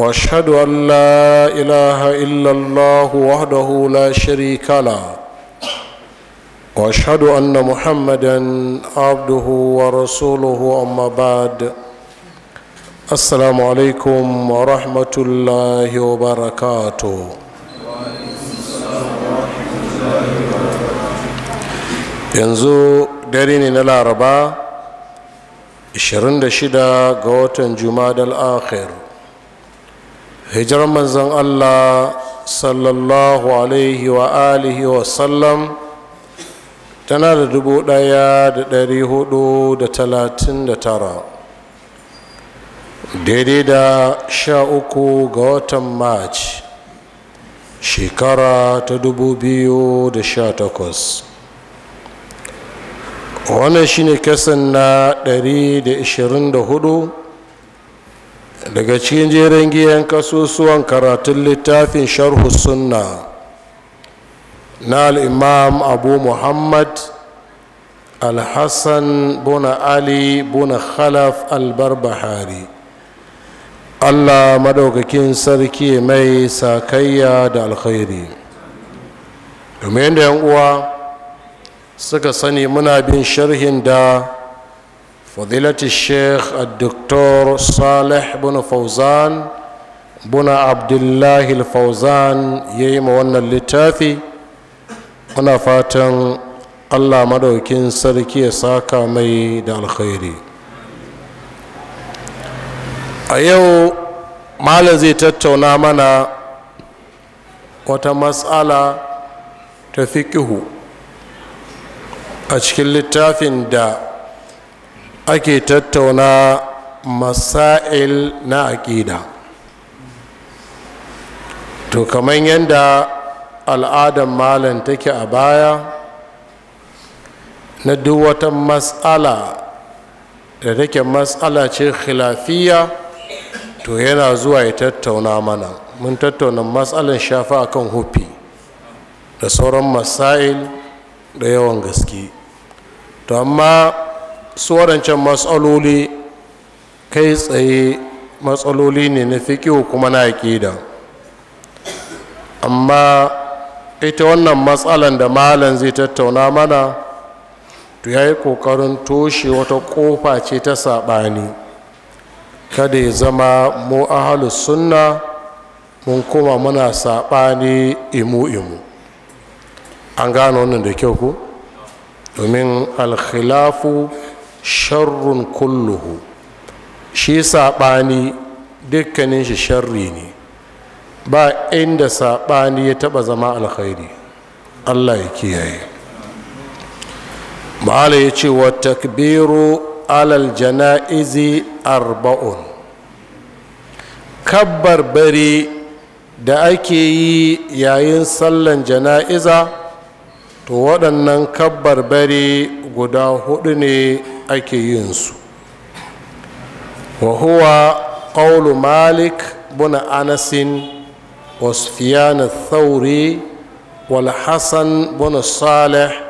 واشهد ان لا اله الا الله وحده لا شريك له واشهد ان محمدا عبده ورسوله اما بعد السلام عليكم ورحمه الله وبركاته yanzu dare ne na laraba 26 ga watan juma'a al-akhir hijar manzon allah sallallahu alaihi wa alihi wa sallam tana da dubu daya da dari hudu da talatin da tara daidai da sha uku ga watan march shekara ta dubu biyu da sha takwas wannan shine kasan na dari da ishirin da hudu daga cikin jerin giyan kasusuwan karatun littafin sharhu sunna na al'imam abu muhammad alhassan buna ali buna khalaf albarbahari allah madaukakin sarki mai sakayya da alkhairi domin da uwa suka sani muna bin sharhin da فضيلة الشيخ الدكتور صالح بن فوزان بن عبد الله الفوزان يي موانا littafi muna fatan allah madaukin sarki ya saka mai da alkhairi a yau malam zai tattauna mana wata matsala ta fikihu a cikin littafin da ake tattauna masail na aƙida to kamar yadda al'adar malam take a baya na duk wata matsala da take matsala ce khilafiya to yana zuwa ya tattauna mana mun tattauna matsalar shafa akan hufi da sauran masail da yawan gaske to amma su waɗancan matsaloli kai tsaye matsaloli ne na fikiyo kuma na aƙida amma ita wannan matsalan da malam zai tattauna mana to ya yi ƙoƙarin toshe wata ƙofa ce ta saɓani kada ya zama mu ahalu sunna mun kuma muna saɓani imu-imu an gano wannan da kyau ku domin alkhilafu sharrun kulluhu shi saɓani dukkanin shi sharri ne ba inda saɓani ya taɓa zama alkhairi allah ya kiyaye ma'ala ya ce wa takbiru alal jana'izi arba'un kabbar bari da ake yi yayin sallan jana'iza to waɗannan kabbar bari guda hudu ne ake yin su Wahuwa huwa malik buna anasin wasfiyana thauri walhassan buna saleh salih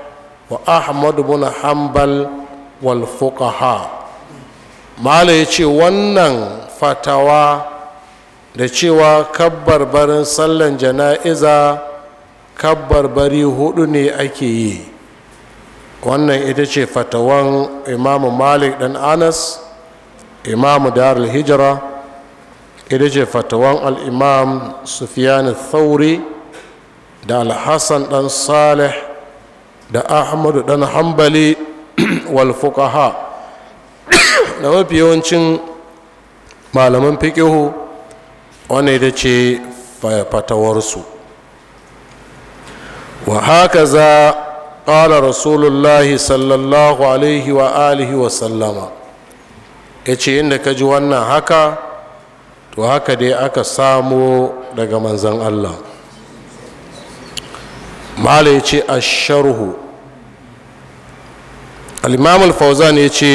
wa ahmad buna hanbal walfukaha mala ya ce wannan fatawa da cewa barin sallan jana'iza kabbar bari hudu ne ake yi wannan ita ce fatawan imamu malik dan anas imamu darul hijira ita ce fatawan al'imam sufiyani thauri da alhassan dan salih da ahmadu dan hambali wal fuqaha da mafi yawancin malaman fikihu wannan ita ce fatawarsu wa haka za qala rasulullahi sallallahu alaihi wa alihi wa sallama yace inda ka ji wannan haka to haka dai aka samo daga manzon Allah mala yace asharhu al-imam al-fawzan yace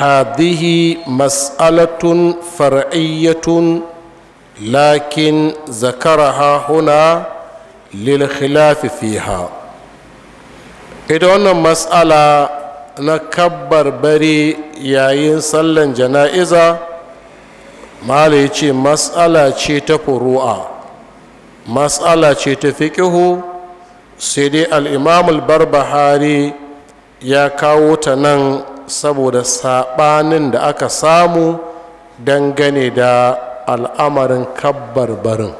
هذه مسألة فرعية لكن ذكرها هنا للخلاف fiha. ita wannan matsala na kabbar bari yayin sallan jana'iza Malam ya ce matsala ce ta furu'a matsala ce ta fiƙihu sai dai al'imamul barbahari ya kawo ta nan saboda saɓanin da aka samu dangane da al'amarin kabbar barin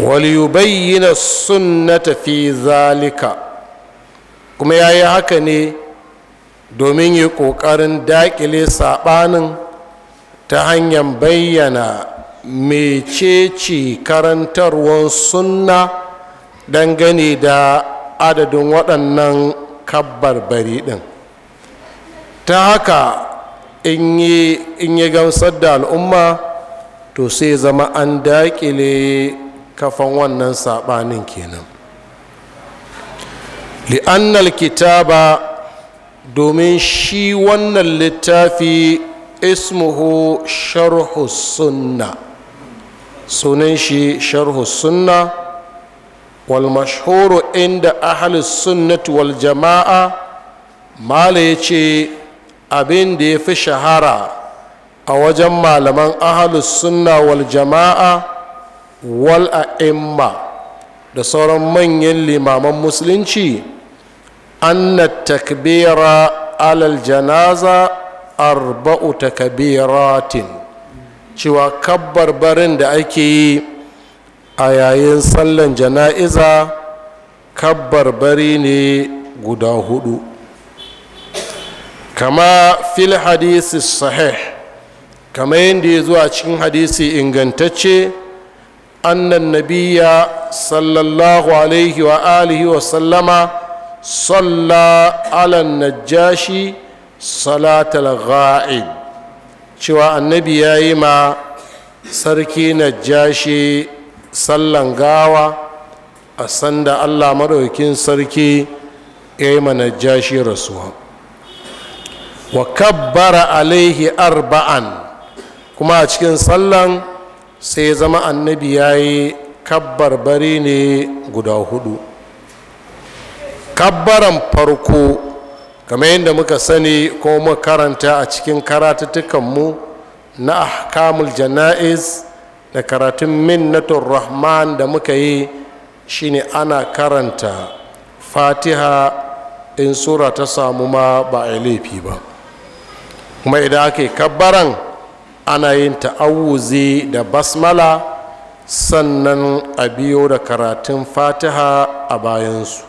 waliyubayyana sunnata fi zalika kuma ya yi haka ne domin yi ƙoƙarin daƙile saɓanin ta hanyar bayyana mecece karantarwar sunna dangane da adadin waɗannan kabbar bari ɗin ta haka in yi gamsar da al'umma to sai zama an daƙile kafan wannan saɓanin kenan li'annal kitaba domin shi wannan littafi ismuhu sharhu sunna sunan shi sharhu sunna wal mashhuru inda ahalus sunnati wal jama'a mala ya ce abin da ya fi shahara a wajen malaman ahalus sunna wal jama'a wal a'imma da sauran manyan limaman musulunci anna takbira alal janaza arba'u takbiratin cewa kabbar barin da ake yi a yayin sallan jana'iza kabbar bari ne guda hudu kama fil hadisi sahih kama yadda ya zuwa cikin hadisi ingantacce annan nabiya sallallahu alaihi wa wa sallama salla ala najashi salatal ga'ib cewa annabi ya yi ma sarki najashi sallan gawa a sanda allah maɗaukin sarki ya yi ma najashi rasuwa wa alaihi arba'an kuma a cikin sallan sai zama annabi ya yi kabbar bari ne guda hudu kabbaran farko kamar yadda muka sani ko muka karanta a cikin karatuttukanmu na ahkamul jana'iz da karatun minnatul rahman da muka yi shine ana karanta fatiha in sura ta samu ma ba a laifi ba kuma idan ake kabbaran ana yin ta'awuzi da basmala sannan a biyo da karatun fatiha a bayansu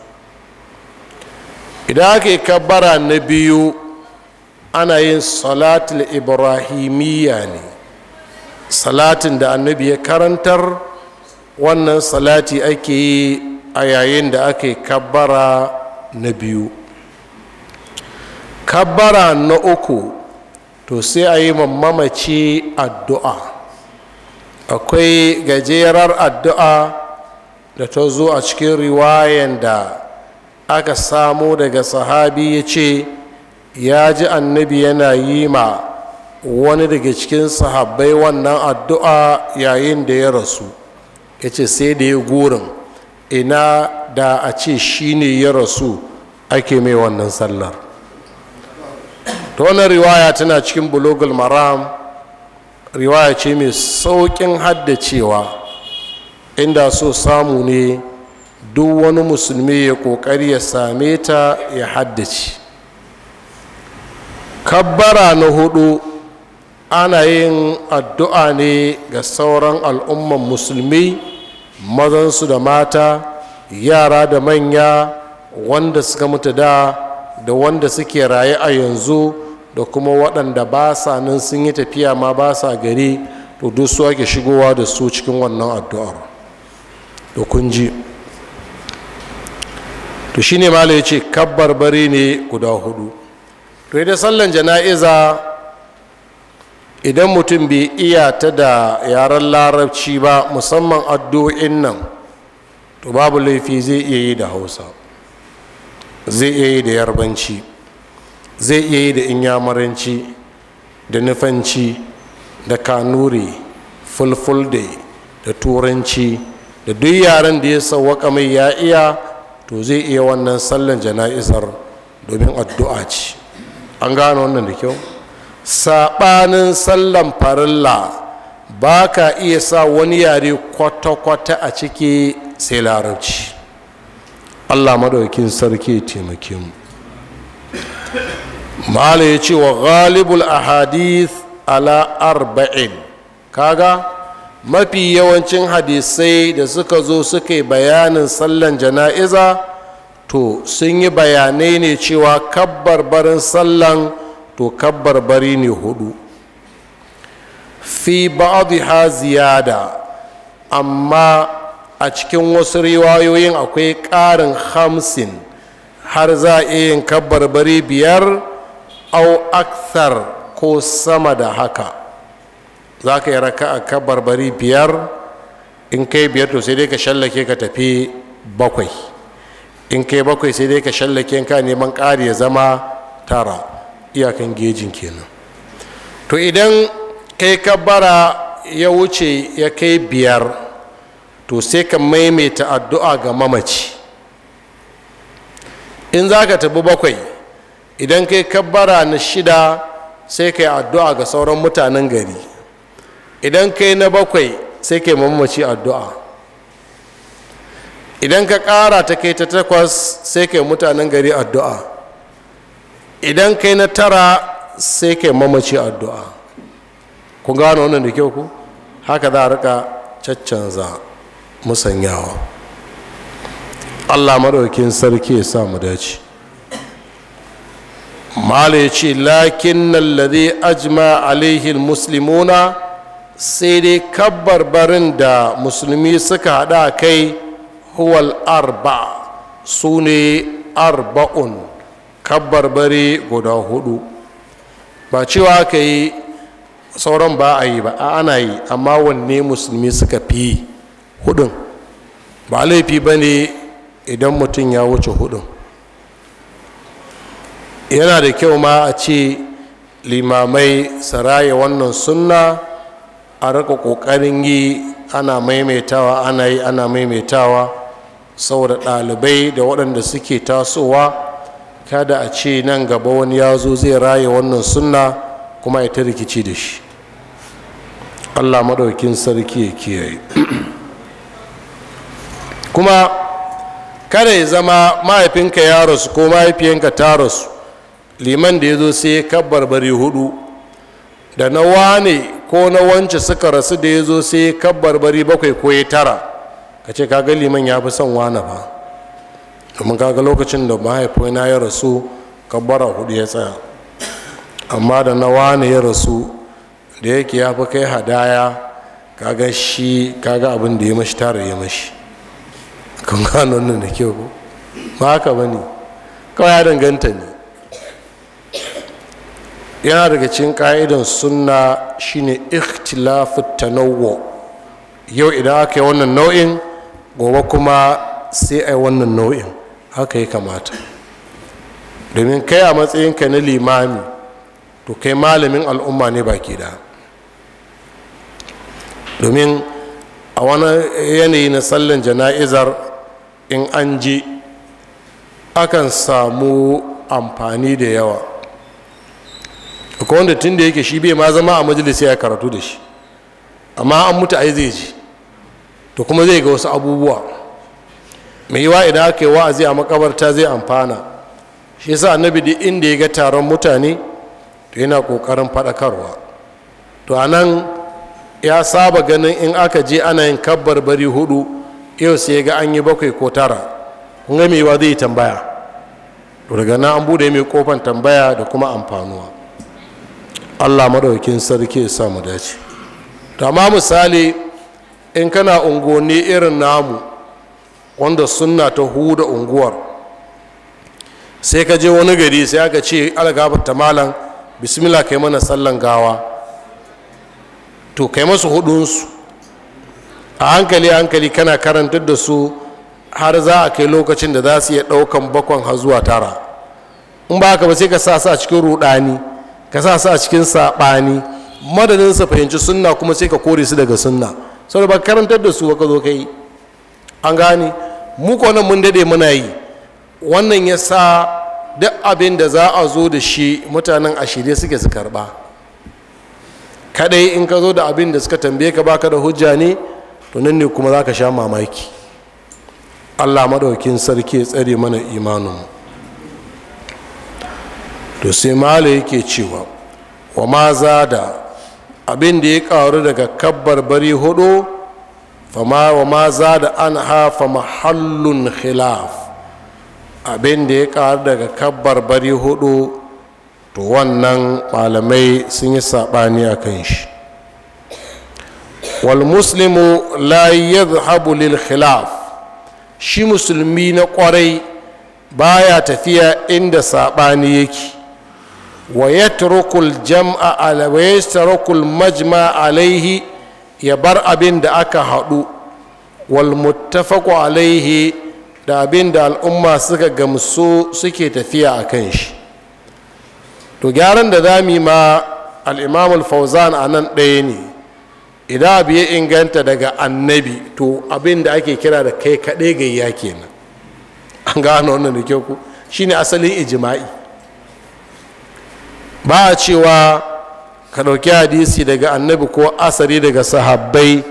idan aka yi na biyu ana yin salatul ibrahimiyya ne salatin da annabi ya karantar wannan salati ake yi a yayin da aka yi na biyu kabbara na uku to sai a yi mamaci addu'a akwai gajerar addu'a da ta zo a cikin riwayen da aka samo daga sahabi ya ce ya ji annabi yana yi ma wani daga cikin sahabbai wannan addu'a yayin da ya rasu ya ce sai da ya gurin ina da a ce shi ne ya rasu ake mai wannan sallar ta wannan riwaya tana cikin bulogul maram riwaya ce mai sauƙin haddacewa inda so samu ne duk wani musulmi ya ƙoƙari ya same ta ya haddace kabbara na hudu ana yin addu'a ne ga sauran al'umman musulmi mazansu da mata yara da manya wanda suka mutu da da wanda suke raye a yanzu da kuma waɗanda ba sa nan sun yi tafiya ma ba sa gari to duk su ake shigowa da su cikin wannan addu'ar da kun ji to shi ne ya ce kabbar bari ne guda hudu to idan sallan jana'iza idan mutum bai iya ta da yaren larabci ba musamman addu'in nan to babu laifi zai iya yi da hausa zai iya yi da yarbanci zai iya yi da inyamuranci da nufanci da kanuri fulfulde da turanci da duk yaren da ya sauwaka mai ya iya to zai iya wannan sallan jana'izar domin addu'a ce an gano wannan da kyau saɓanin sallan farilla ba ka iya sa wani yare kwata-kwata a ciki sai larabci allah madaukin sarki ya taimake mu mala ya ce wa ghalibul ahadith ala arba'in kaga mafi yawancin hadisai da suka zo suka yi bayanin sallan jana'iza to sun yi bayanai ne cewa kabbar barin sallan to kabbar bari ne hudu fi ha ziyada amma a cikin wasu riwayoyin akwai ƙarin hamsin har za a iya yin kabbar bari biyar au aksar ko sama da haka za ka yi raka a kabarbari biyar in kai biyar to sai dai ka shallake ka tafi bakwai in kai bakwai sai dai ka shallake ka neman ƙari ya zama tara iyakan gejin kenan to idan kai kabara ya wuce ya kai biyar to sai ka maimaita addu'a ga mamaci in za ka tafi bakwai idan kai kabbara na shida sai kai addu'a ga sauran mutanen gari idan kai na bakwai sai kai mamaci addu'a idan ka ƙara ta kai ta takwas sai kai mutanen gari addu'a idan kai na tara sai kai mamaci addu'a ku gano wannan da kyau ku haka za a rika caccanza musanyawa allah maɗaukin sarki ya sa mu dace Malu ya ce lakin nan nallade ajima alaihi muslimuna sai dai kabbar barin da musulmi suka hada kai huwal arba su ne arba'un kabbar bari guda hudu ba cewa aka yi sauran ba a yi ba ana yi amma wanne musulmi suka fi hudun ba laifi ba ne idan mutum ya wuce hudun yana da kyau ma a ce limamai saraye wannan sunna a raka ƙoƙarin yi ana maimaitawa ana yi ana maimaitawa saboda ɗalibai da waɗanda suke tasowa kada a ce nan gaba wani ya zo zai raye wannan sunna kuma ita rikici da shi allah maɗaukin sarki ya kiyaye kuma kada ya zama mahaifinka ya rasu ko mahaifiyanka ta rasu liman da ya zo sai ya kabbarbari hudu da na wane ko na wance suka rasu da ya zo sai ya bari bakwai ko ya tara ka ce kaga liman ya fi son wane ba domin kaga lokacin da mahaifina ya rasu kabbara hudu ya tsaya amma da na wane ya rasu da yake ya fi kai hadaya kaga shi kaga abin da ya mashi tara ya mashi kan gano nan da kyau ba haka ba ne kawai ya danganta ne yana daga cikin ka'idan sunna shine ikhtilafu tanawwu yau idan aka yi wannan nau'in gobe kuma sai a yi wannan nau'in haka ya kamata domin kai a matsayinka na limami to kai malamin al'umma ne baki da domin a wani yanayi na sallan jana'izar in an ji akan samu amfani da yawa akwai wanda tun da yake shi bai ma zama a majalisi ya karatu da shi amma an mutu ai zai ji to kuma zai ga wasu abubuwa mai yiwa idan aka yi wa'azi a makabarta zai amfana shi yasa annabi duk inda ya ga taron mutane to yana kokarin faɗakarwa to a nan ya saba ganin in aka je ana yin kabbar bari hudu yau sai ya ga an yi bakwai ko tara kun ga mai yiwa zai tambaya to daga nan an bude mai kofan tambaya da kuma amfanuwa allah maɗaukin sarki ya samu dace amma misali in kana unguwanni irin namu wanda sunna ta huda unguwar sai ka je wani gari sai aka ce algafarta malam bismillah kai mana sallan gawa to kai masu hudunsu a hankali hankali kana karantar da su har za a kai lokacin da za su iya ɗaukan bakon har zuwa tara in ba ka ba sai ka sa su a cikin rudani ka sa su a cikin saɓani madadin su fahimci sunna kuma sai ka kore su daga sunna sau ba karantar da su ka zo ka yi an gane mu nan mun dade muna yi wannan ya sa duk abin da za a zo da shi mutanen a shirye suke su karɓa kaɗai in ka zo da abin da suka tambaye ka baka da hujja ne to nan ne kuma za ka sha mamaki allah maɗaukin sarki ya tsare mana imaninmu to sai mala yake cewa wa ma da abin da ya karu daga kabbar bari hudu wa ma da an hafa mahallun khilaf abin da ya karu daga kabbar bari hudu to wannan malamai sun yi saɓani a kan shi wal muslimu la yadhhabu lil khilaf shi musulmi na kwarai baya tafiya inda saɓani yake wayatrukul jam'a ala wa yatrukul majma alaihi ya bar abin da aka haɗu wal muttafaqu alaihi da abin da al'umma suka gamsu suke tafiya a kan shi to gyaran da zami ma al-imam fauzan a nan ɗaya ne idan abu ya inganta daga annabi to abin da ake kira da kai kaɗai gayya kenan an gano wannan da ke ku shine asalin ijima'i ba a cewa ka ɗauki hadisi daga annabi ko asari daga sahabbai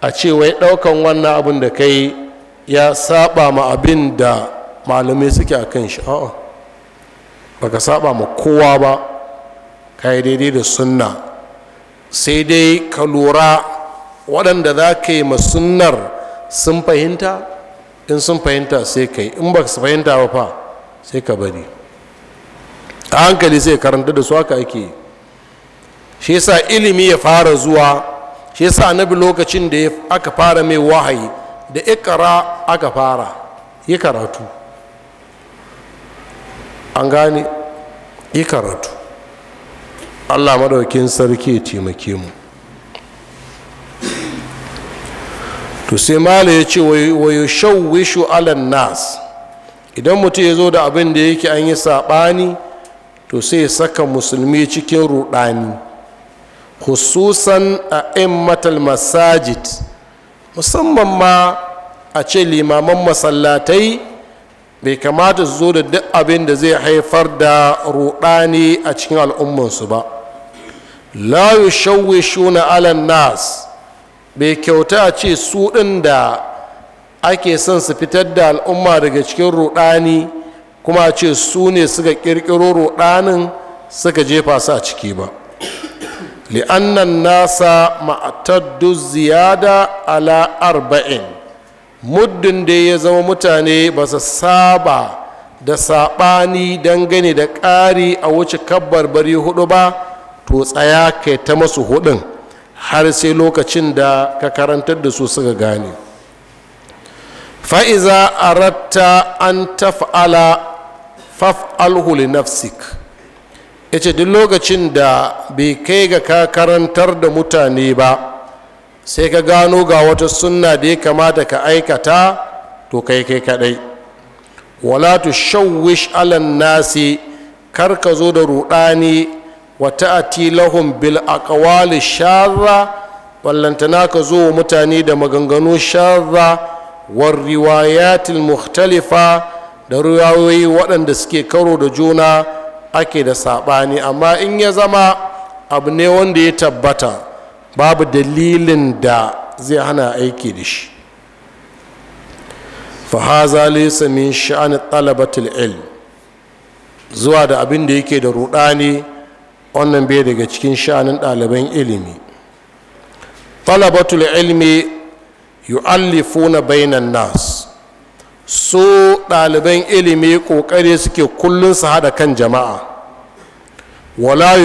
a cewai ɗaukan wannan abin da kai ya saba ma abin da malamai suke a kan shi a'a baka saba ma kowa ba ka yi daidai da sunna sai dai ka lura waɗanda za ka yi ma sunnar sun fahimta in sun fahimta sai ka yi in ba su fahimta ba fa sai ka bari ta hankali sai karanta da su haka ake shi yasa ilimi ya fara zuwa shi yasa annabi lokacin da aka fara mai wahayi da ikara aka fara yi karatu an gane yi karatu allah madaukin sarki ya taimake mu to sai mala ya ce wayo shawishu alan nas idan mutum ya zo da abin da yake an yi saɓani to sai saka musulmi cikin rudani khususan a immatal masajid musamman ma a ce limaman masallatai bai kamata su zo da duk abin da zai haifar da rudani a cikin al'ummansu ba la shuna alan nas bai kyauta a ce su ɗin da ake son su fitar da al'umma daga cikin rudani kuma ce su ne suka kirkiro rudanin suka jefa su a ciki ba li'annan nasa ma'ataddu ziyada ala arba'in muddin da ya zama mutane ba su saba da saɓani dangane da ƙari a wuce kabbar bari hudu ba to tsaya kai ta masu hudun har sai lokacin da ka karantar da su suka gane fa'iza aratta an taf'ala Faf li nafsik ita duk lokacin da bai kai ga ka karantar da mutane ba sai ka gano ga wata sunna da ya kamata ka aikata to kai kai kadai wala tu shawwish alan nasi kar ka zo da rudani wa ta'ati lahum bil aqwali sharra wallantana ka zo mutane da maganganu sharra war riwayatil mukhtalifa da ruwayoyi waɗanda suke karo da juna ake da saɓani amma in ya zama abu ne wanda ya tabbata babu dalilin da zai hana aiki da shi fahaza laysa min sha'ani talabatul ilm zuwa da abin da yake da rudani wannan bai daga cikin sha'anin ɗaliban ilimi talabatul ilmi na bainan nas su ɗaliban ilimi ƙoƙari suke kullum su haɗa kan jama'a wala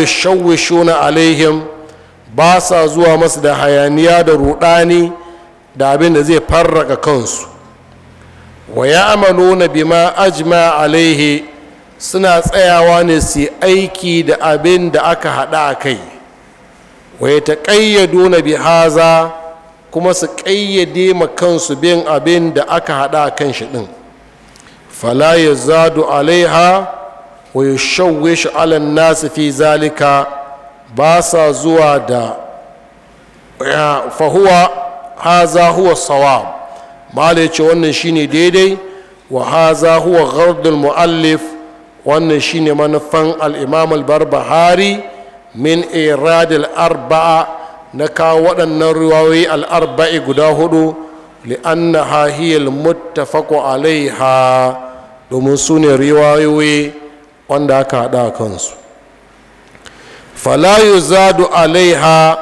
na alaihim ba sa zuwa masu da hayaniya da ruɗani da abin da zai farraka kansu wa ya na bima ajima alaihi suna tsayawa ne su aiki da abin da aka haɗa a kai wa ya na bi haza kuma su ƙayyade ma kansu bin abin da aka haɗa kan shi ɗin fala ya zadu alaiha wa ya shawwish nasu fi zalika ba sa zuwa da fahuwa haza huwa sawa mala ya ce wannan shine daidai wa za huwa ghardul mu'allif wannan shine manufan al-imam al-barbahari min iradil arba'a na kawo waɗannan ruwayoyi al'arba'i guda hudu li'anna hahiyar muttafaku alaiha domin su ne riwayoyi wanda aka haɗa kansu falayu zadu alaiha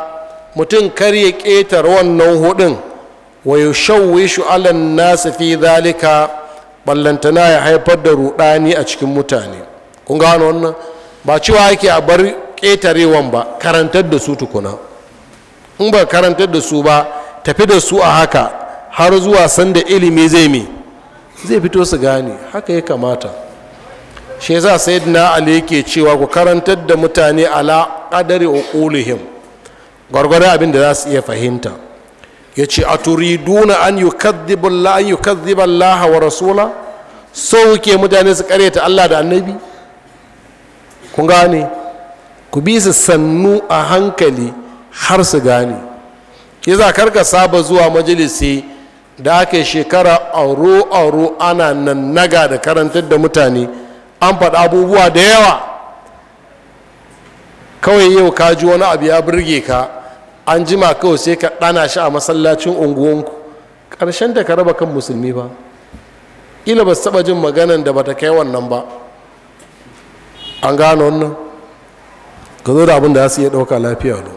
mutum kar ya ƙetar wannan hudun wa ya shawishu alan nasu fi zalika ballantana ya haifar da ruɗani a cikin mutane kun gano wannan ba cewa yake a bar ƙetarewan ba karantar da su tukuna in ba karantar da su ba tafi da su a haka har zuwa sanda ilimi zai mi zai fito su gane haka ya kamata shi yasa sayyidina ali yake cewa ku karantar da mutane ala a ƙulihim gwargwaron abin da za su iya fahimta ya ce a turiduna an yi Allah an wa rasula so wuke mutane su karyata Allah da annabi Ku gane ku bi su sannu a hankali har su gane kar ka saba zuwa majalisi da aka shekara auro-auro ana nan naga da karantar da mutane an faɗa abubuwa da yawa kawai yau ka ji wani abu ya birge ka an jima kawai sai ka ɗana shi a masallacin unguwanku ƙarshen da ka raba kan musulmi ba ina ba su taɓa jin maganan da bata kai wannan ba an gano wannan ka zo da abin da za su iya ɗauka lafiya ne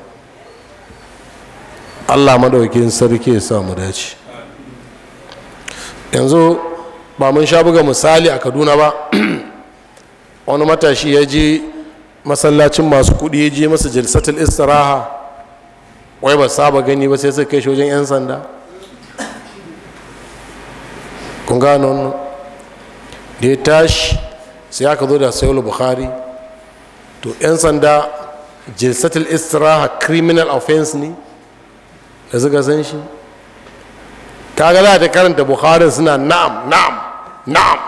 allah maɗaukin sarki ya samu dace yanzu ba mun sha buga misali a kaduna ba wani matashi ya je masallacin masu kuɗi ya je masa jilsatul istiraha wai ba saba gani ba sai suka kai shi wajen 'yan sanda kun gano da ya tashi sai aka zo da sayolu bukhari to 'yan sanda jilsatul istiraha criminal offense ne da suka san shi kaga za ta karanta bukharin suna na'am na'am na'am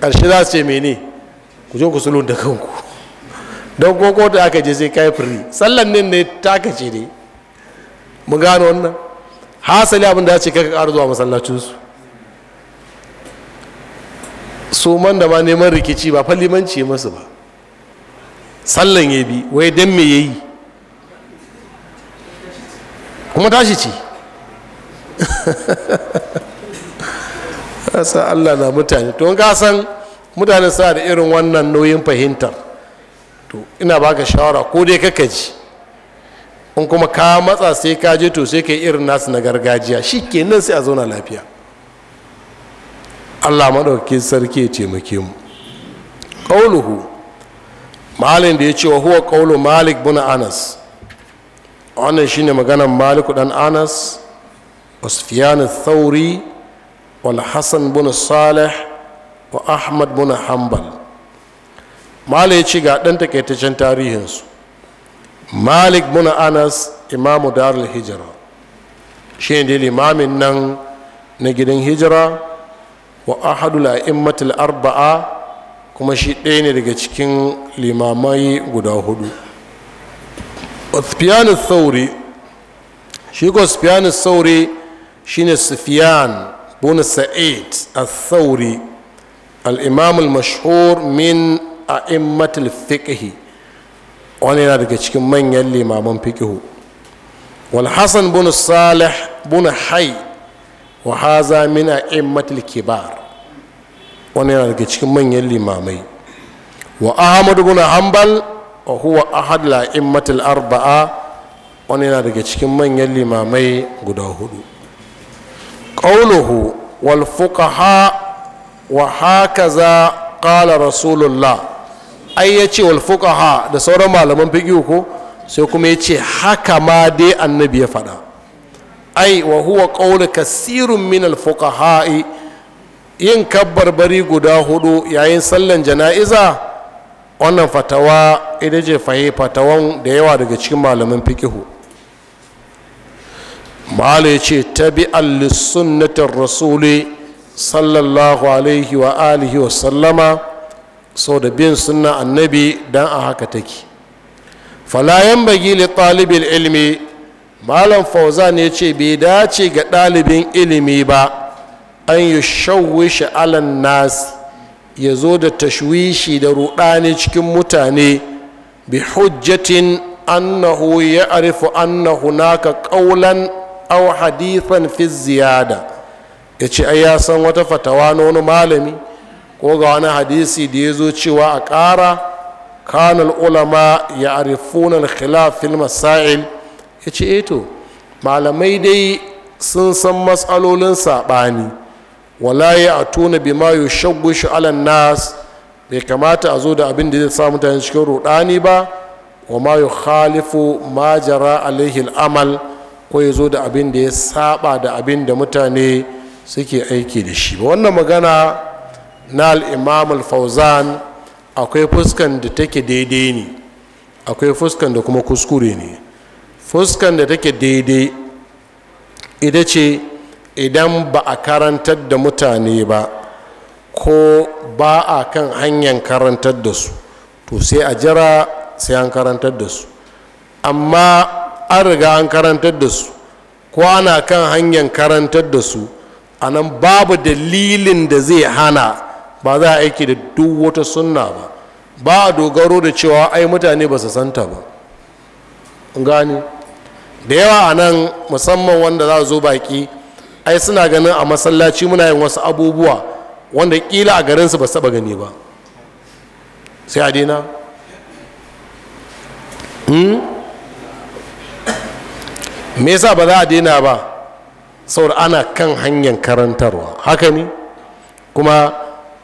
ƙarshe za su ce mene ku je ku sulu da kanku don koko ta aka je sai kai firi sallan ne ne ce ne mu gano wannan hasali abin da ya ce kaka ka zuwa masallacinsu su man da ma neman rikici ba limanci masu ba sallan ya bi wai dan me ya yi kuma tashi ce sa allah na mutane to ka san mutane sa da irin wannan nauyin fahimtar to ina baka shawara ko dai kaka ji in kuma ka matsa sai ka je to sai ka yi irin nasu na gargajiya shi kenan sai a zauna lafiya allah maɗauki sarki ya taimake mu ƙauluhu malin da ya ce wa huwa ƙaulu malik buna anas wannan shine maganan maliku dan anas usfiyan thauri wal hasan bin salih wa ahmad bin hambal malik ya ci ga ɗan takaitaccen tarihinsu malik bin anas imamu darul hijira shi ne limamin nan na gidan hijira wa ahadul a'immatul arba'a kuma shi ɗaya ne daga cikin limamai guda hudu Uthfiyan sauri shi ko Sufyan shine Sufyan bin Sa'id Al-Thauri al-Imam al-mashhur min a'immatul fiqh wani yana daga cikin manyan limaman fiqh wal Hasan bin Salih bin Hay wa haza min a'immatul kibar wani yana daga cikin manyan limamai wa Ahmad bin Hanbal wa huwa ahad la'immatul arba'a wani yana daga cikin manyan limamai guda hudu qauluhu wal fuqaha wa hakaza qala rasulullah ai yace wal fuqaha da sauran malaman fiqh ko sai kuma yace haka ma dai annabi ya faɗa ai wa huwa qawlu kasirun min al ha yin kabbar bari guda hudu yayin sallan jana'iza wannan fatawa ita je fahi fatawan da yawa daga cikin malamin fikihu mahala ya ce tabi allissunnatin rasuli sallallahu alaihi wa alihi wa sallama sau da bin sunna annabi don a haka take falayen bagi li talibin ilimi. malam fauzan ya ce bai dace ga ɗalibin ilimi ba an yi shi alan nasi ya zo da tashwishi da rudani cikin mutane bi hujjatin annahu ya arifu annahu naka ƙaulan au hadithan fi ziyada ya ce ai ya san wata fatawa na wani malami ko ga wani hadisi da ya zo cewa a ƙara kanal ulama ya arifunan khilafin masail ya ce eto eh malamai dai sun san matsalolin saɓani wala ya tona bima yushawishu ala nas bai kamata a zo da abin da zai sa mutane cikin rudani ba wa ma yukhalifu ma jara alaihi al'amal ko ya zo da abin da ya saba da abin da mutane suke aiki da shi wannan magana na al-imam al-fawzan akwai fuskan da take daidai ne akwai fuskan da kuma kuskure ne fuskan da take daidai ita ce idan ba a karantar da mutane ba ko ba a kan hanyar karantar da su to sai a jira sai an karantar da su amma an riga an karantar da su ko ana kan hanyar karantar da su a nan babu dalilin da zai hana ba za a aiki da duk wata sunna ba ba a dogaro da cewa ai mutane ba su santa ba gani da yawa a nan musamman wanda za zo baki ai suna ganin a masallaci muna yin wasu abubuwa wanda kila a garinsu ba saba gani ba sai a daina hmm? me yasa ba za a daina ba saboda ana kan hanyar karantarwa haka ne kuma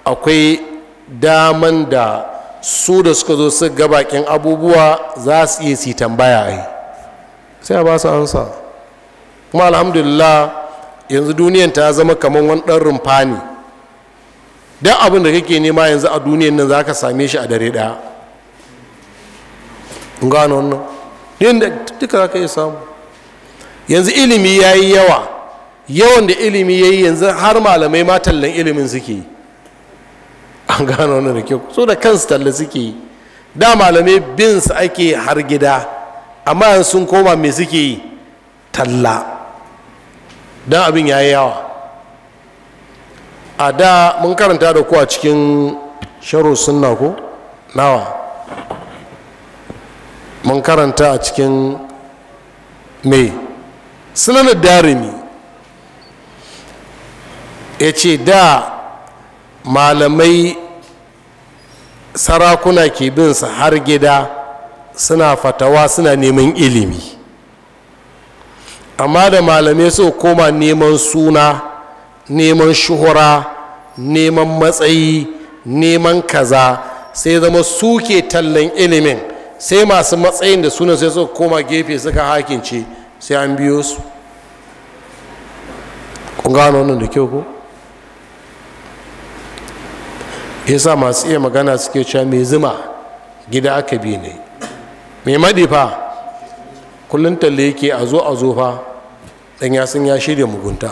akwai daman da su da suka zo su bakin abubuwa za su iya su tambaya ai sai a ba su ansa kuma alhamdulillah yanzu duniyan ta zama kamar wani ɗan rumfa ne don abin da kake nema yanzu a duniyan nan za ka same shi a dare ɗaya gano wannan da duka za ka yi samu yanzu ilimi ya yi yawa yawan da ilimi ya yi yanzu har malamai ma tallan ilimin suke yi an gano wannan da kyau so da kansu talla suke yi da malamai bin su ake har gida amma yanzu sun koma me suke yi talla don abin ya yi yawa a da mun karanta da ku a cikin sharo sunna ko nawa mun karanta a cikin mai sunanar darimi ya ce da malamai sarakuna ke bin sa har gida suna fatawa suna neman ilimi amma da malamai su koma neman suna neman shuhura neman matsayi neman kaza sai zama suke tallan ilimin sai masu matsayin da suna sai suka koma gefe suka hakince sai an biyo su kun gano da kyau ko yasa masu iya magana suke cewa mai zuma gida aka bi ne mai madifa kullum talle yake a zo a zo fa Ɗan ya san ya shirya mugunta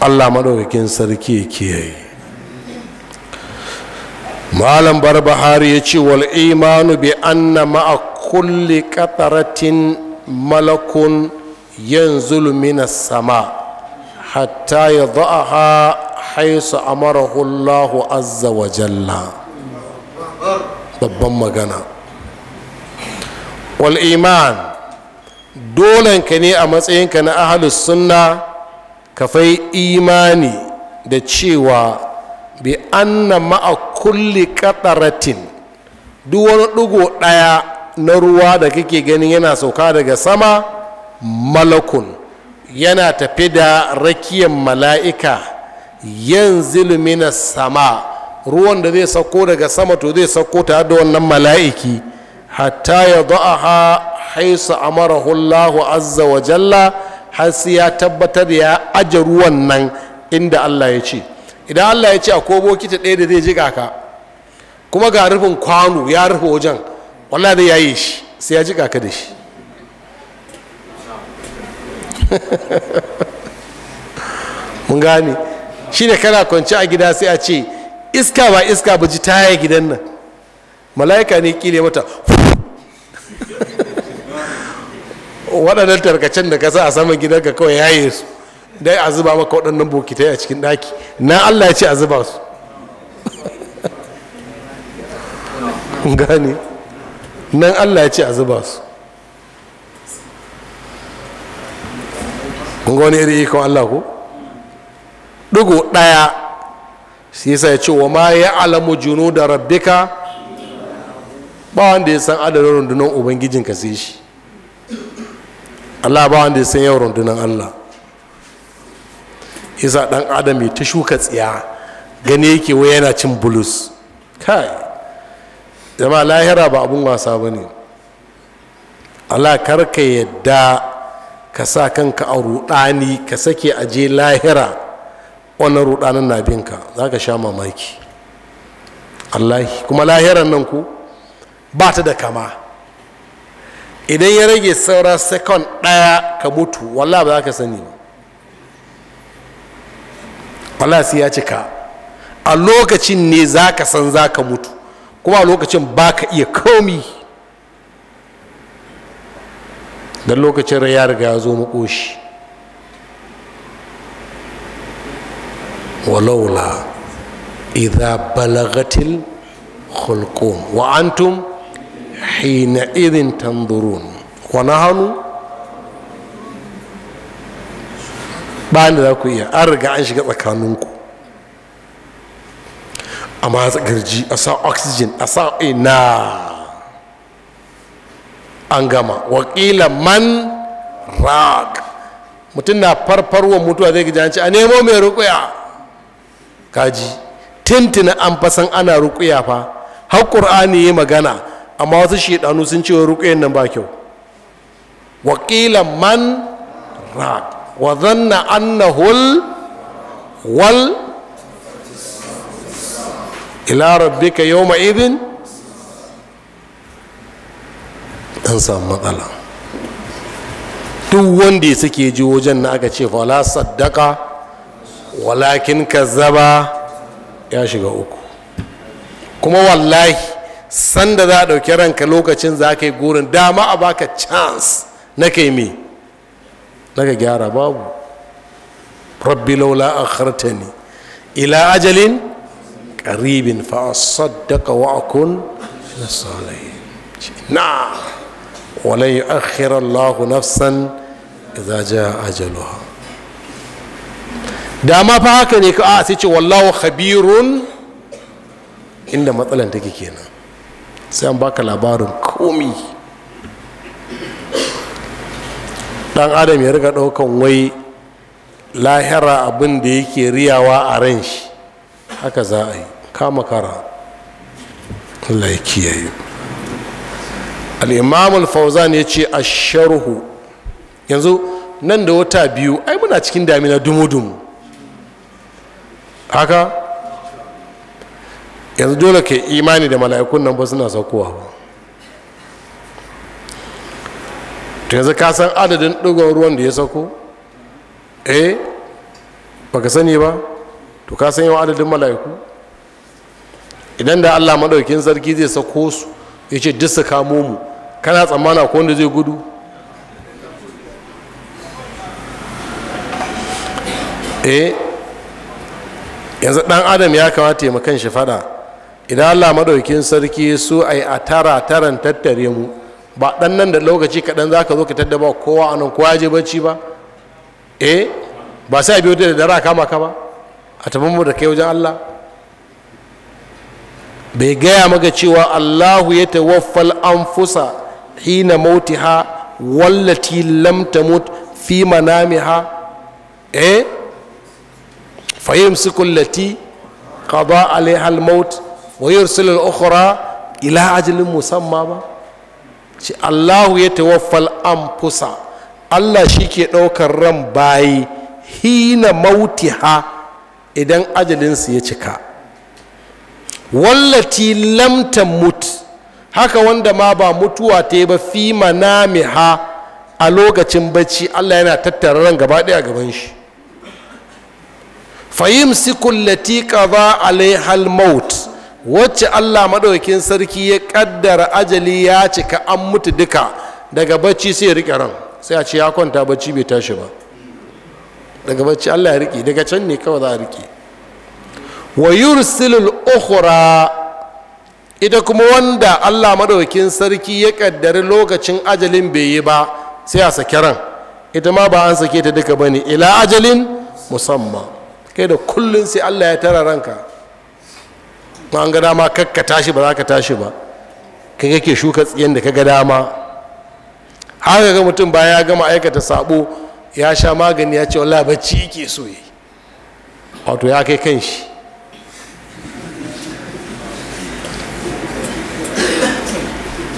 allah maɗaukakin sarki ya kiyaye malam barbahari ya ce wal imanu bi anna ma'a kulli qataratin malakun yanzu mina sama hatta ya ha haisu amarahu allahu azza wa jalla babban magana wal iman ka ne a matsayinka na ahalus sunna ka fai imani da cewa bi anna ma'a kulli kataratin duk wani ɗigo ɗaya na ruwa da kake ganin yana sauka daga sama malakun yana tafi da rakiyar mala'ika yanzu zilmina sama ruwan da zai sauko daga sama to zai sauko ta da wannan mala'iki hatta ya ha haisu mara hulahu azza wa jalla har sai ya tabbatar ya aje ruwan nan inda Allah ya ce idan Allah ya ce akwai bokiti ɗaya da zai jiƙa ka kuma ga rufin kwano ya rufe wajen wallahi da yayi shi sai ya jiƙa ka da shi mun gane shine kana kwance a gida sai a ce iska ba iska ba ji taya gidan nan mala'ika ne kile mata waɗannan tarkacen da ka sa a saman gidanka kawai yaye su dai a zuba maka waɗannan bokitai a cikin ɗaki na allah ya ce a zuba su gane nan allah ya ce a zuba su kun wani iri ikon allah ko ɗugu ɗaya shi yasa ya ce wa ma ya alamu junu da rabbika ba wanda ya san adadin rundunar ubangijinka sai shi Allah ba wanda ya san yau rundunar Allah isa dan adam ta shuka tsiya gani yake wai yana cin bulus kai jama'a lahira ba abun wasa ba ne Allah karka yadda ka sa kanka a rudani ka sake aje lahira wannan rudanin na binka za ka sha mamaki Allah kuma lahiran nan ku ba ta da kama idan ya rage saura sekon ɗaya ka mutu wallah ba za ka sani ba wallah sai ya cika a lokacin ne za ka san za ka mutu kuma a lokacin ba ka iya komi don lokacin ya riga ya zo makoshi walaula idha balagatil khulqum wa antum hina تنظرون tanzurun بعد hannu bayan da za ku iya an riga an shiga tsakaninku a matsa garji a sa a ina an gama man mutum na farfarwa mutuwa zai gajanci a nemo mai rukuya kaji tintina an fasan ana rukuya fa har ƙur'ani magana amma wasu shedanu sun ce rukuyen nan ba kyau wakilan man ra wa zanna annahul wal ila rabbika yawma idin an samu matsala duk wanda suke ji wajen na aka ce fala saddaka walakin kazzaba ya shiga uku kuma wallahi sanda za a ɗauki ranka lokacin za ka yi gurin dama a baka chance na kai me na ka gyara babu rabbi laula ne ila ajalin Ƙaribin fa asaddaqa wa'akun na salihin na walan akhirar lahu nafsan idza ja ajaluha dama fa haka ne ka a sai ce wallahu khabirun inda matsalan take kenan sai an baka labarin komi dan adam ya riga ɗaukan wai lahira abin da yake riyawa a ran shi haka za a yi kama kara Allah ya kiyaye al al ya ce sharhu. yanzu nan da wata biyu ai muna cikin damina dumu-dumu haka yanzu dole ke imani da mala'ikun nan ba suna saukowa ba to yanzu ka san adadin ɗigon ruwan da ya sauko eh baka sani ba to ka san yawan adadin mala'iku idan da allah maɗaukin sarki zai sauko su ya ce duk su kamo mu kana tsammana ko wanda zai gudu eh yanzu ɗan adam ya kamata ya makan shi fada idan allah maɗaukin sarki su a yi a tara taran tattare mu ba ɗan nan da lokaci kaɗan za ka zo ka tadda ba kowa a nan kowa je bacci ba eh ba sai a biyo da dara kama ka ba a tafi mu da kai wajen allah bai gaya maka cewa allahu ya tawaffal anfusa hina mauti ha wallati lam tamut fi manami ha eh fayimsiku kullati qada alaiha al-maut wa yursilu al-ukhra ila ajalin musamma ba ci Allahu ya tawaffal anfusa Allah shi ke ɗaukar ran bayi hina mautiha idan ajalinsu ya cika wallati lamta haka wanda ma ba mutuwa ta yi ba fi manamiha a lokacin barci. Allah yana tattara ran gaba ɗaya gaban shi fahim si kullati ƙaza alaihal wacce allah maɗaukin sarki ya ƙaddara ajali ya cika an mutu duka daga bacci sai ya riƙe ran sai a ce ya kwanta bacci bai tashi ba daga bacci allah ya riƙe daga can ne kawai za a riƙe wa yursilul ukhra ita kuma wanda allah maɗaukin sarki ya ƙaddari lokacin ajalin bai yi ba sai a sake ran ita ma ba an sake ta duka bane ila ajalin musamman kai da kullum sai allah ya tara ranka an ga dama kakka tashi ba za ka tashi ba kai kake shuka tsiyan da ka ga dama haka ga mutum baya ya gama aikata sabo ya sha magani ya ce wallahi bacci yake so yi wato ya kai kan shi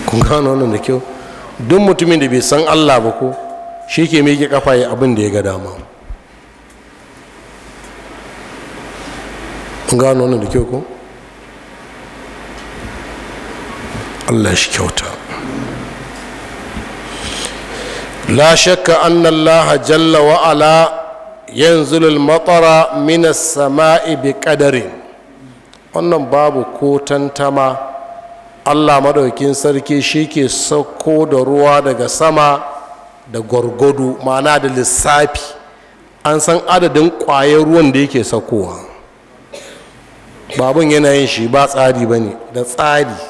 kun gano wannan da kyau duk mutumin da bai san allah ba ko shi ke mai kafa ya abin da ya ga dama kun gano wannan da kyau ko allah shi kyauta la shakka annallaha jalla wa'ala yanzu matsara minas sama'i bi ƙadarin wannan babu ko tantama allah maɗaukin sarki shi ke sauko da ruwa daga sama da gwargwado ma'ana da lissafi an san adadin ƙwayar ruwan da yake saukowa babun yanayin shi ba tsari ba ne da tsari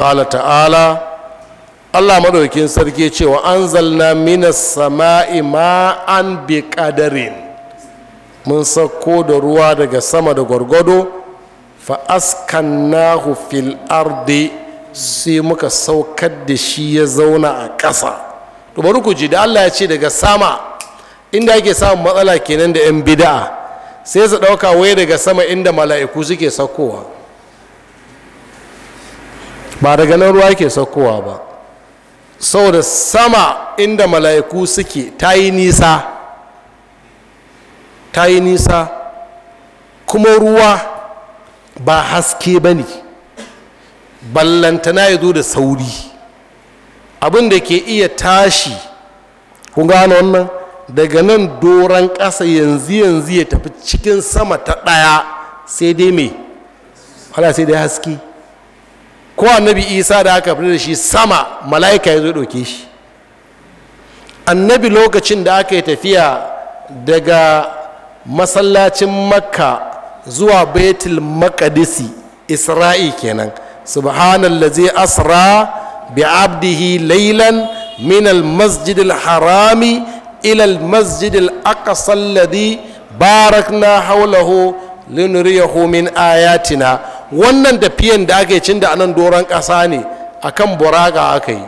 ƙala ta'ala allah maɗaukin sarki cewa an zalna minas sama'i ma'an bi ƙadarin mun sauko da ruwa daga sama da gwargwado na fil ardi sai muka saukar da shi ya zauna a ƙasa to bari ku ji da allah ya ce daga sama inda ake samun matsala kenan da 'yan bida'a sai su ɗauka wai daga sama inda mala'iku suke saukowa ba daga nan ruwa yake saukowa ba saboda sama inda mala'iku suke ta yi nisa ta yi nisa kuma ruwa ba haske ba ne ballantana ya zo da sauri abin da ke iya tashi kun gano wannan daga nan doron ƙasa yanzu yanzu ya tafi cikin sama ta ɗaya sai dai mai hala sai dai haske ko annabi isa da aka fi da shi sama mala'ika ya zo ɗauke shi annabi lokacin da aka yi tafiya daga masallacin makka zuwa baitul makadisi isra'i kenan subhanallazi asra bi abdihi laylan min almasjid harami ila almasjid alaqsa alladhi barakna hawlahu linuriyahu min ayatina wannan tafiyan da aka yi cin da anan doron ƙasa ne a kan buraga aka yi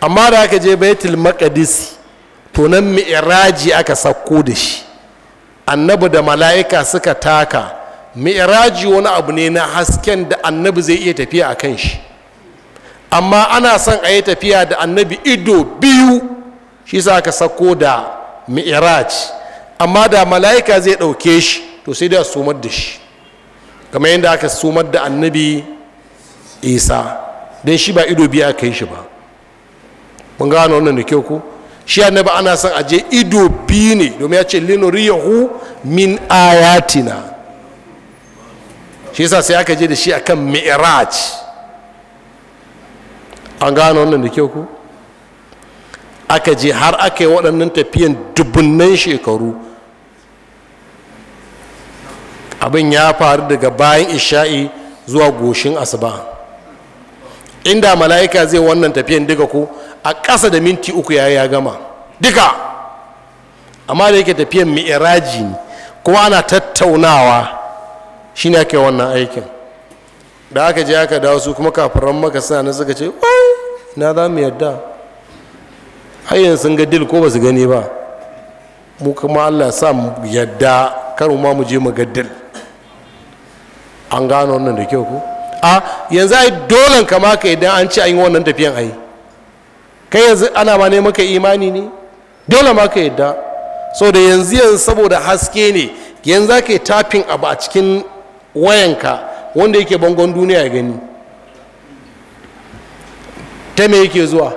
amma da aka je baitul maqdis to nan mi'raji aka sakko da shi annabi da mala'ika suka taka mi'raji wani abu ne na hasken da annabi zai iya tafiya a kan shi amma ana son a yi tafiya da annabi ido biyu shi sa aka sakko da mi'raj amma da mala'ika zai ɗauke shi to sai da su da shi kamar yadda aka sumar da annabi isa don shi ba ido biya aka yi shi ba mun gano wannan da kyau ko shi annabi ana son aje ido biyu ne domin ya ce linuriyahu min ayatina shi yasa sai aka je da shi akan mi'raj an gano wannan da kyau ko aka je har aka yi waɗannan tafiyan dubunnan shekaru abin ya faru daga bayan isha'i zuwa goshin asuba inda mala'ika zai wannan tafiyan duka ko a ƙasa da minti uku ya ya gama duka amma da yake tafiyan mi'iraji ne kuma ana tattaunawa shi ne aka wannan aikin da aka je aka dawo su kuma kafiran maka sa na suka ce wai na za mu yadda hayyan sun ga dil ko ba su gani ba mu kuma allah sa mu yadda kar ma mu je mu ga dil an gano wannan da kyau ku a yanzu ai dolen kama ka idan an ci an yi wannan tafiyan ai kai yanzu ana ma neman ka imani ne dole ma ka yadda so da yanzu yanzu saboda haske ne yanzu za ka yi tafin abu a cikin wayanka wanda yake bangon duniya ya gani ta me yake zuwa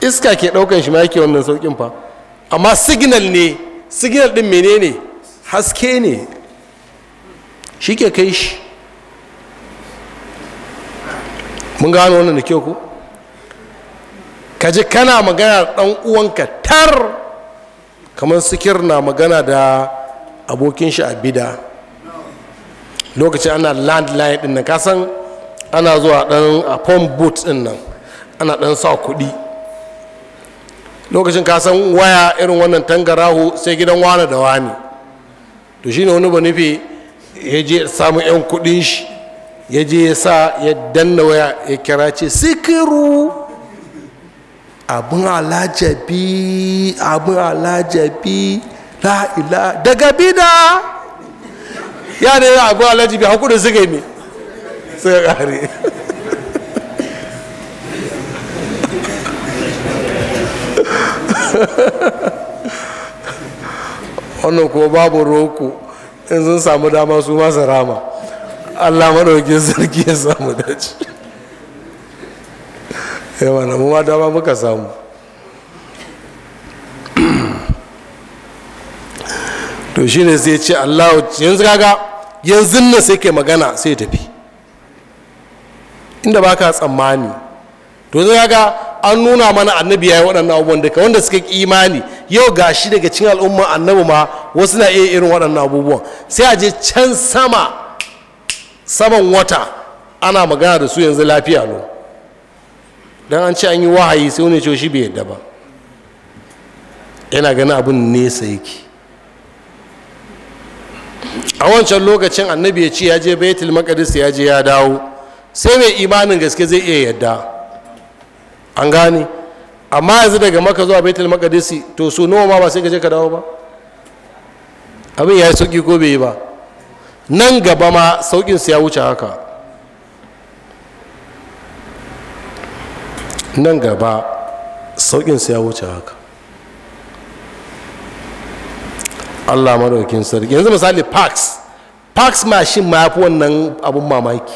iska ke daukan shi ma yake wannan saukin fa amma signal ne signal din menene haske ne shi ke kai shi mun gano wannan da kyau ku kaji kana magana ɗan uwanka tar kamar sikir na magana da abokin shi a bida lokacin ana landline ɗin na kasan ana zuwa dan a phone boot din nan ana dan sa kuɗi lokacin ka san waya irin wannan tangarahu sai gidan wane da wani to shine wani ba nufi ya je samu 'yan kudin shi ya je ya sa ya danna waya ya kira ce sikiru abin alajabi abin alajabi la'ila daga bida ya ne ya abin alajabi su suka yi suka kare wannan kuma babu roku in sun samu dama su masu rama allah maɗauki sarki ya samu dace yawa eh, na ma dama muka samu to shi ne sai ce allah yanzu kaga yanzu na sai ke magana sai tafi inda ba ka tsammani to zai kaga an nuna mana annabi ya yi waɗannan abubuwan duka wanda suka imani yau ga shi daga cin al'umma annabi ma wasu na iya irin waɗannan abubuwan sai a je can sama saman wata ana magana da su yanzu lafiya lo don an ce an yi wahayi sai wani ce shi bai yadda ba yana ganin abin nesa yake a wancan lokacin annabi ya ce ya je baitul maqdis ya je ya dawo sai mai imanin gaske zai iya yadda an gane amma yanzu daga maka zuwa baitul maqdis to su nawa ma ba sai ka je ka dawo ba abin ya yi sauƙi ko bai yi ba nan gaba ma sauƙinsu ya wuce haka nan gaba sauƙinsu ya wuce haka allah maraukin sarki yanzu misali parks parks mashin ma ya fi wannan abin mamaki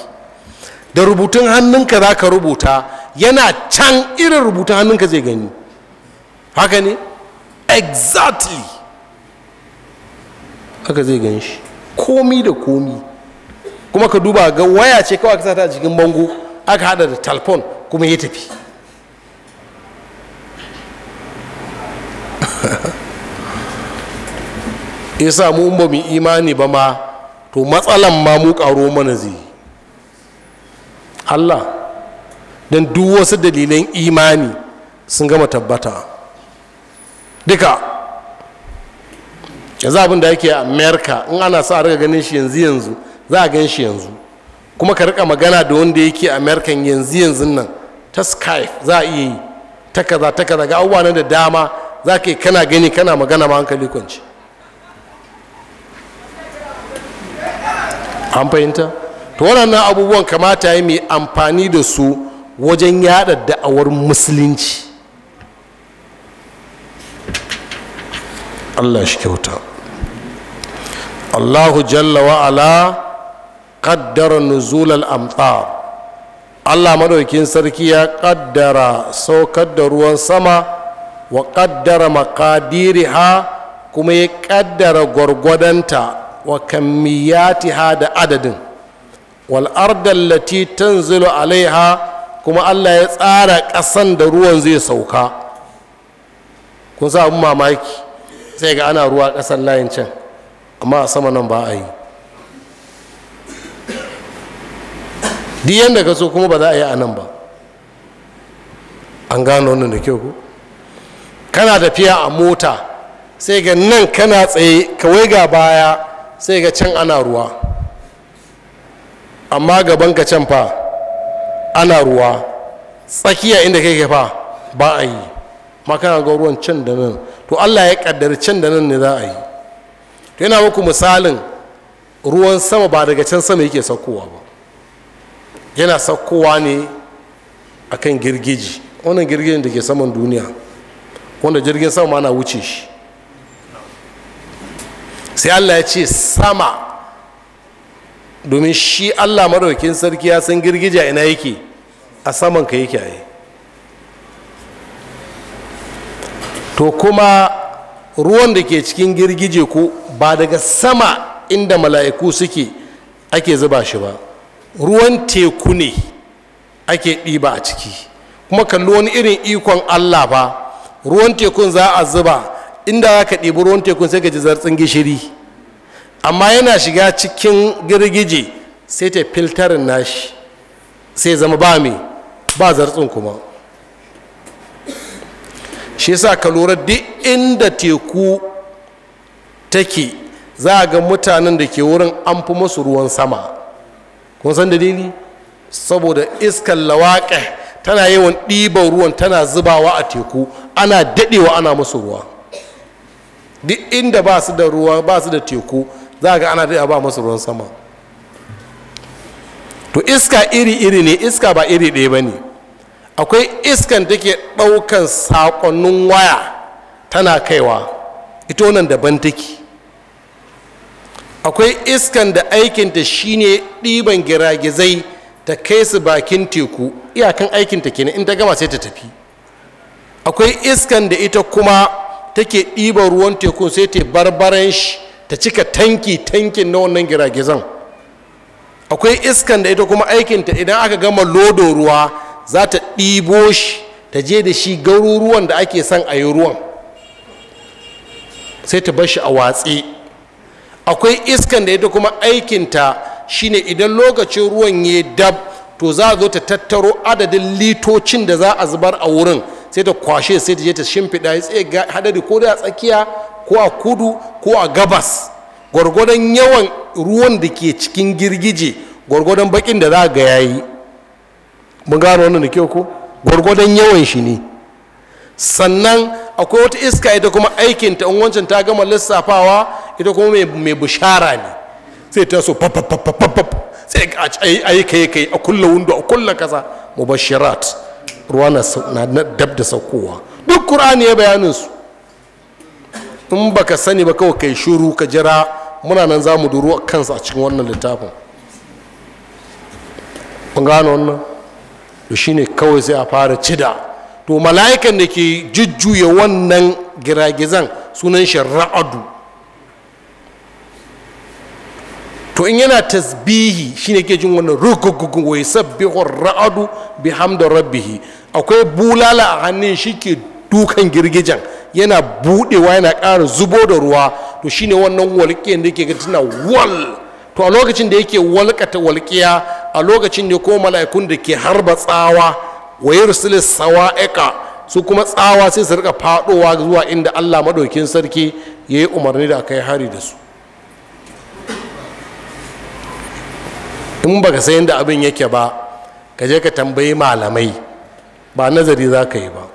da rubutun hannunka za ka rubuta yana can irin rubutun hannunka zai gani haka ne exactly aka zai gan shi komi da komi kuma ka duba ga waya ce kawai ka sata a cikin bango aka hada da talfon kuma ya tafi yasa mu ba mu imani ba ma to matsalan ma mu karo mana zai Allah don duk wasu dalilan imani sun gama tabbata duka yanzu abin da yake a america in ana sa a ganin shi yanzu yanzu za a gan shi yanzu kuma ka rika magana da wanda yake a america yanzu yanzu nan ta skype za a iya yi ta kaza ta kaza ga abubuwa da dama za ka yi kana gani kana magana ma hankali kwanci an fahimta to waɗannan abubuwan kamata ya mai amfani da su wajen yada da'awar musulunci allah shi kyauta allahu jalla wa'ala kaddara nuzular amsa. allah maɗaukin sarki ya kaddara saukar da ruwan sama wa makadiri ha kuma ya kaddara gwargwadonta wa ha da adadin wal ardallati tanzilu alaiha kuma allah ya tsara ƙasan da ruwan zai sauka kun sa abin mamaki sai ga ana ruwa ƙasan layin can amma a sama nan ba a yi duk yadda ka so kuma ba za a yi a nan ba an gano wannan da kyau ku kana tafiya a mota sai ga nan kana tsaye kawai ga baya sai ga can ana ruwa amma gaban ka can fa ana ruwa tsakiya inda kai ke fa ba a yi makana ga ruwan can da nan to allah ya kaddari can da nan ne za a yi to yana muku misalin ruwan sama ba daga can sama yake saukowa ba yana saukowa ne a akan girgiji wannan girgijin da ke saman duniya wanda jirgin sama na wuce shi sai allah ya ce sama domin shi allah maraukin sarki ya san girgija ina yake a saman ka yake a to kuma ruwan da ke cikin girgije ko ba daga sama inda mala'iku suke ake zuba shi ba ruwan teku ne ake ɗiba a ciki kuma kalli wani irin ikon allah ba ruwan tekun za a zuba inda za ka ɗibi ruwan tekun sai ka ji zartsin gishiri amma yana shiga cikin girgije sai ta filtarin nashi sai zama ba mai ba zartsin kuma shi yasa ka lura duk inda teku take za ga mutanen da ke wurin an fi masu ruwan sama kun san dalili saboda iskar lawaƙe tana yawan ɗiban ruwan tana zubawa a teku ana daɗewa ana masu ruwa duk inda ba su da ruwa ba su da teku za ga ana daɗewa ba masu ruwan sama to iska iri-iri ne iska ba iri ɗaya ba ne akwai iskan da ke ɗaukan saƙonnin waya tana kaiwa ita wannan daban take akwai iskan da aikinta shine ɗiban giragizai ta kai su bakin teku iyakan aikinta kenan in ta gama sai ta tafi akwai iskan da ita kuma take ɗiban ruwan teku sai ta barbaran shi ta cika tanki tankin na wannan giragizan akwai iskan da ita kuma aikinta idan aka gama lodo ruwa za ta ɗibo shi ta je da shi garuruwan da ake son a yi ruwan sai ta bar shi a watsi akwai iskan da ita kuma aikinta shine idan lokacin ruwan ya dab to za a zo ta tattaro adadin litocin da za a zubar a wurin sai ta kwashe sai ta je ta shimfiɗa ya tsaye hadari ko da a tsakiya ko a kudu ko a gabas gwargwadon yawan ruwan da ke cikin girgije gwargwadon bakin da za a ga yayi mun gano wannan da kyau ko gwargwadon yawan shi ne sannan akwai wata iska ita kuma aikinta in wancan ta gama lissafawa ita kuma mai bushara ne sai ta so fafafafafaf sai a yi kai kai a kulla wundo a kulla kaza mubashirat ruwa na dab da saukowa duk ƙur'ani ya bayanin su in ba ka sani ba kawai kai shuru ka jira muna nan za mu duru a kansa a cikin wannan littafin kun gano wannan to shine kawai sai a fara cida to mala'ikan da ke jujjuya wannan giragizan sunan shi ra'adu to in yana tasbihi shine ke jin wannan rukukuku wa yusabbihu ra'adu radu bihamdi rabbih akwai bulala a hannun shi ke dukan girgijan yana budewa yana ƙara zubo da ruwa to shine wannan walƙiyar da yake ga tana wal to a lokacin da yake walƙata walƙiya a lokacin ne ko mala'ikun da ke harba tsawa wa yursil sawa'iqa su kuma tsawa sai su rika fadowa zuwa inda Allah madaukin sarki yayi umarni da kai hari da su in baka san yadda abin yake ba ka je ka tambayi malamai ba nazari za ka yi ba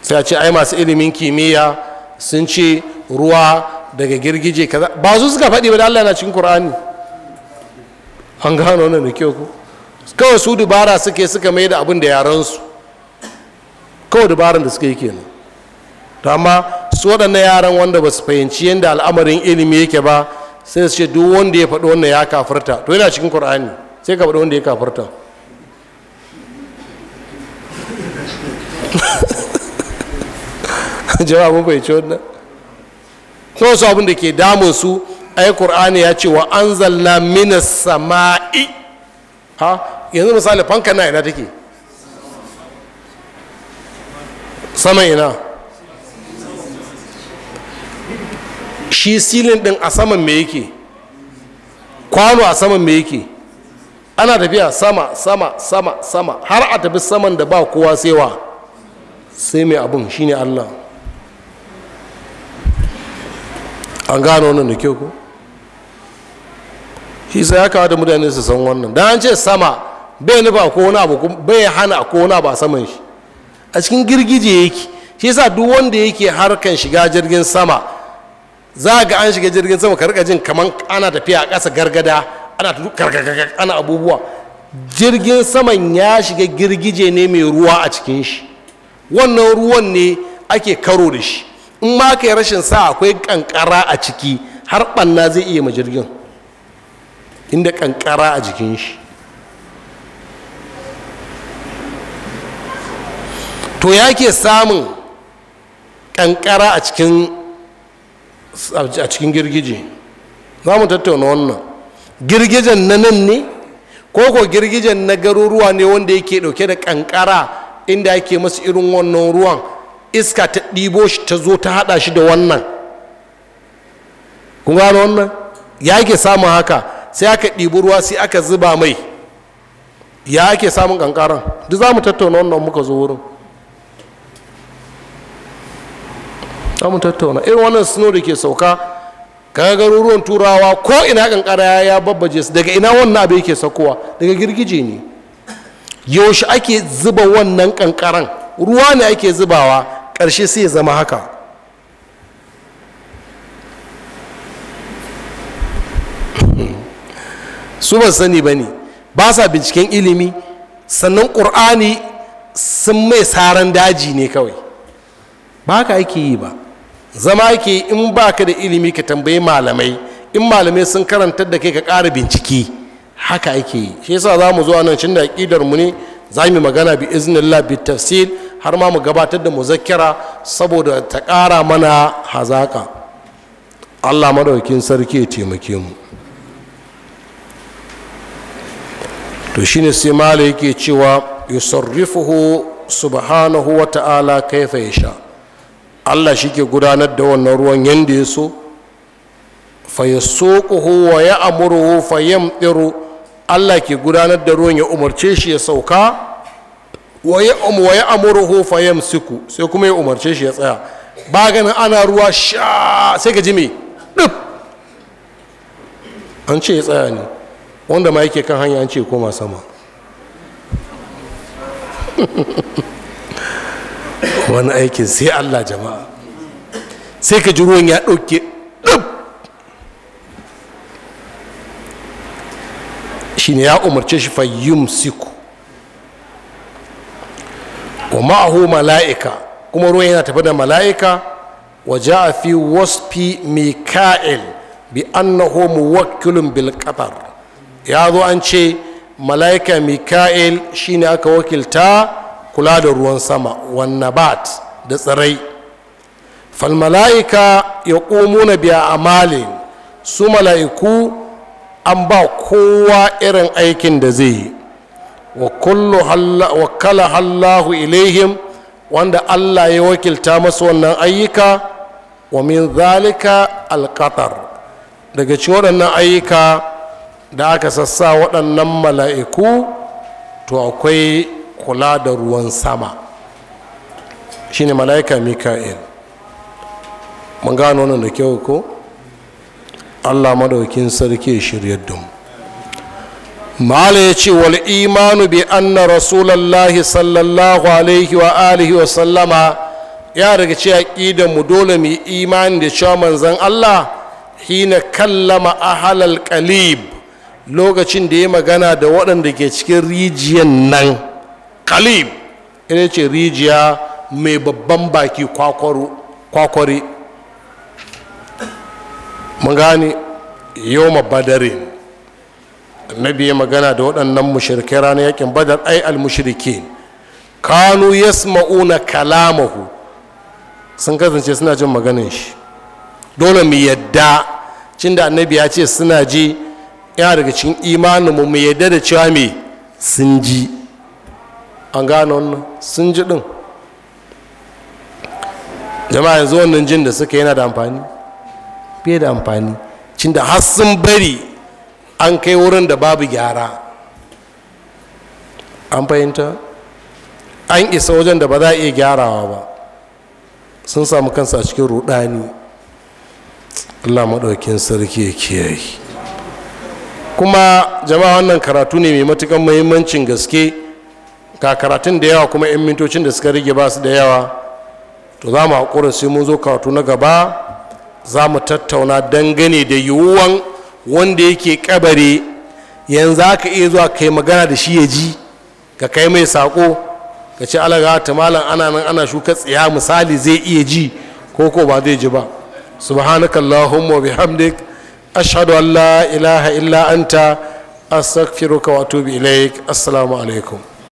sai a ce ai masu ilimin kimiyya sun ce ruwa daga girgije kaza ba su suka faɗi ba da Allah yana cikin Qur'ani an gano nan da kyau ko kawai su dubara suke suka mai da abin da yaran su. kawai dubaran da suka yi kenan to amma su waɗannan yaran wanda ba su fahimci yadda al'amarin ilimi yake ba sai su ce duk wanda ya faɗi wannan ya kafarta to yana cikin ƙur'ani sai ka faɗi wanda ya kafarta jawabin bai ci wannan kuma su abin da ke damun su ai ƙur'ani ya ce wa zalla mina sama'i ha yanzu misali fanka na ina take sama ina shi silin din a saman me yake kwano a saman me yake ana tafiya sama sama sama sama har a tafi saman da ba kowa saiwa sai mai abin shine allah an gano wannan da kyau ko shi sai ya kawo da mutane su san wannan da an ce sama bai nufa ko wani abu bai hana ko wani abu a saman shi a cikin girgije yake shi sa duk wanda yake harkan shiga jirgin sama za a ga an shiga jirgin sama ka jin kaman ana tafiya a ƙasa gargada ana ana abubuwa jirgin saman ya shiga girgije ne mai ruwa a cikin shi wannan ruwan ne ake karo da shi in ma kai rashin sa akwai kankara a ciki har ɓanna zai iya ma jirgin inda kankara a jikin shi to ya ke samun kankara a cikin a cikin girgije za mu tattauna wannan girgijen na nan ne ko ko girgijen na garuruwa ne wanda yake dauke da kankara inda yake masu irin wannan ruwan iska ta ɗibo shi ta zo ta haɗa shi da wannan kun gano wannan ya ke samun haka sai aka ɗibi ruwa sai aka zuba mai ya ke samun kankaran duk za mu tattauna wannan muka zo wurin za tattauna irin wannan snow da ke sauka kaga garuruwan turawa ko ina kankara ya babbaje su daga ina wannan abu yake sakowa daga girgije ne yaushe ake zuba wannan kankaran ruwa ne ake zubawa karshe sai ya zama haka su ba sani ba ne ba sa binciken ilimi sannan ƙur'ani sun mai saran daji ne kawai ba haka ake yi ba zama ke in baka da ilimi ka tambayi malamai in malamai sun karantar da kai ka ƙara bincike haka ake yi shi yasa za mu zuwa nan cin da aƙidar mu ne za mu magana bi iznillah bi tafsir har ma mu gabatar da muzakkira saboda ta ƙara mana hazaka allah madaukin sarki ya taimake mu to shine sai malai yake cewa yusarrifuhu subhanahu wa ta'ala kaifa yasha allah shi ke gudanar da wannan ruwan yadda ya so fayasoƙuhu wa ya amuruhu fayyam ɗiro allah ke gudanar da ruwan ya umarce shi ya sauka wa ya amuruhu fayyam siku sai kuma ya umarce shi ya tsaya ba ganin ana ruwa sha sai ka ji me ɗif an ce ya tsaya ne wanda ma yake kan hanya an ce koma sama wani aikin sai allah jama'a sai ka ji ruwan ya ɗauke ɗab ne ya umarce shi fayyum siku wa ma'ahu mala'ika kuma ruwan yana tafi da mala'ika wa a fi waspi mika'il bi annahu muwakkilun bil qatar ya zo an ce mala'ika mika'il shine aka wakilta kula da ruwan sama bat da tsirai falmala'ika ya na biya amali su mala'iku an ba kowa irin aikin da zai yi wa kala hallahu ilaihim wanda allah ya wakilta masu wannan ayyuka wa min zalika alkatar daga ci waɗannan ayyuka da aka sassa waɗannan mala'iku to akwai kula da ruwan sama shine mala'ika mika'il mun gano wani da kyau ko allah madaukin sarki shirya dum mala ya ce wal imanu bi anna rasulallahi sallallahu alaihi wa alihi wa sallama ya daga ce aƙidan mu dole mu imani da cewa manzan allah hina kallama ahalal qalib lokacin da ya magana da waɗanda ke cikin rijiyan nan kalib ina ce rijiya mai babban baki kwakwari mun gani yau mabadare annabi ya magana da waɗannan mushirke ranar yakin badar ai al-mushrikin kanu yasma'una kalamahu sun kasance suna jin maganin shi dole mu yadda cin da annabi ya ce suna ji yana daga cikin imaninmu mu yadda da cewa mai sun ji an gane wannan sun ji ɗin jama'a yanzu wannan jin da suka yana da amfani fiye da amfani cin da har sun bari an kai wurin da babu gyara an fahimta an isa wajen da ba za a iya gyarawa ba sun samu kansu a cikin rudani allah maɗaukin sarki ya kiyaye kuma jama'a wannan karatu ne mai matukan muhimmancin gaske ga karatun da yawa kuma 'yan mintocin da suka rage ba su da yawa to za mu haƙura sai mun zo karatu na gaba za mu tattauna dangane da yiwuwan wanda yake kabare yanzu aka iya zuwa kai magana da shi ya ji ka kai mai saƙo ka ce alaga ta malam ana nan ana shuka tsiya misali zai iya ji ko ko ba zai ji ba subhanakallahumma bihamdik ashhadu an la ilaha illa anta astaghfiruka wa ilaik assalamu alaikum